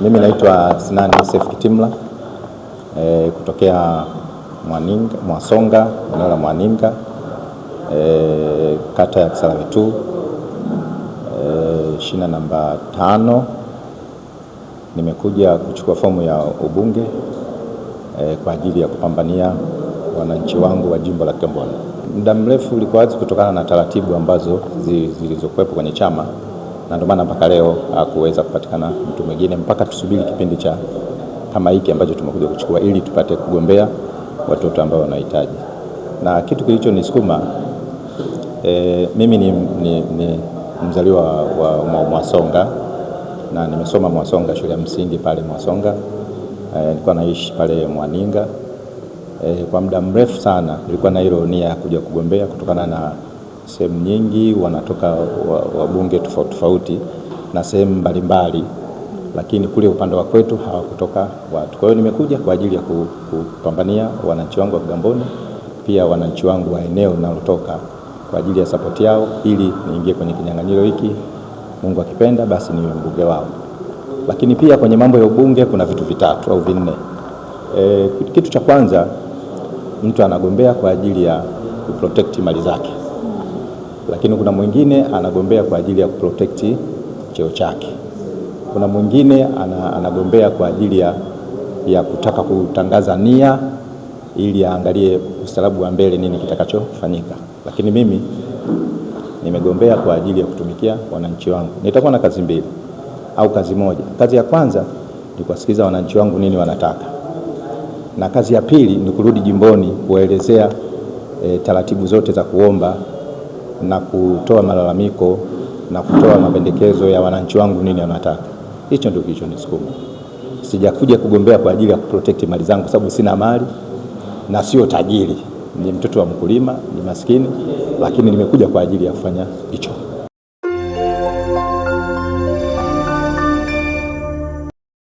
Mimi naitwa Sinan Yosef Kitimla e, kutokea Mwaninga, Mwasonga eneo la Mwaninga e, kata ya Kisarawetu e, eh, shina namba tano. Nimekuja kuchukua fomu ya ubunge e, kwa ajili ya kupambania wananchi wangu wa jimbo la Kigamboni. Muda mrefu ulikuwa wazi kutokana na taratibu ambazo zilizokuwepo kwenye chama na ndio maana mpaka leo hakuweza kupatikana mtu mwingine mpaka tusubiri kipindi cha kama hiki ambacho tumekuja kuchukua ili tupate kugombea watoto ambao wanahitaji. Na kitu nisukuma e, mimi ni, ni, ni mzaliwa wa, wa Mwasonga na nimesoma Mwasonga shule ya msingi pale Mwasonga. E, nilikuwa naishi pale Mwaninga e, kwa muda mrefu sana nilikuwa na hilo nia ya kuja kugombea kutokana na sehemu nyingi, wanatoka wabunge tofauti tofauti na sehemu mbalimbali, lakini kule upande wa kwetu hawakutoka watu. Kwa hiyo nimekuja kwa ajili ya kupambania wananchi wangu wa Kigamboni, pia wananchi wangu wa eneo ninalotoka kwa ajili ya sapoti yao, ili niingie kwenye kinyang'anyiro hiki, Mungu akipenda, basi niwe mbunge wao. Lakini pia kwenye mambo ya ubunge kuna vitu vitatu au vinne. E, kitu cha kwanza mtu anagombea kwa ajili ya kuprotect mali zake lakini kuna mwingine anagombea kwa ajili ya kuprotect cheo chake, kuna mwingine anagombea kwa ajili ya, ya kutaka kutangaza nia ili aangalie ustaarabu wa mbele nini kitakachofanyika, lakini mimi nimegombea kwa ajili ya kutumikia wananchi wangu. Nitakuwa na kazi mbili au kazi moja. Kazi ya kwanza ni kuwasikiliza wananchi wangu nini wanataka, na kazi ya pili ni kurudi jimboni kuwaelezea e, taratibu zote za kuomba na kutoa malalamiko na kutoa mapendekezo ya wananchi wangu nini wanataka. Hicho ndio kilichonisukuma. Sijakuja kugombea kwa ajili ya kuprotect mali zangu, kwa sababu sina mali na sio tajiri, ni mtoto wa mkulima, ni maskini, lakini nimekuja kwa ajili ya kufanya hicho.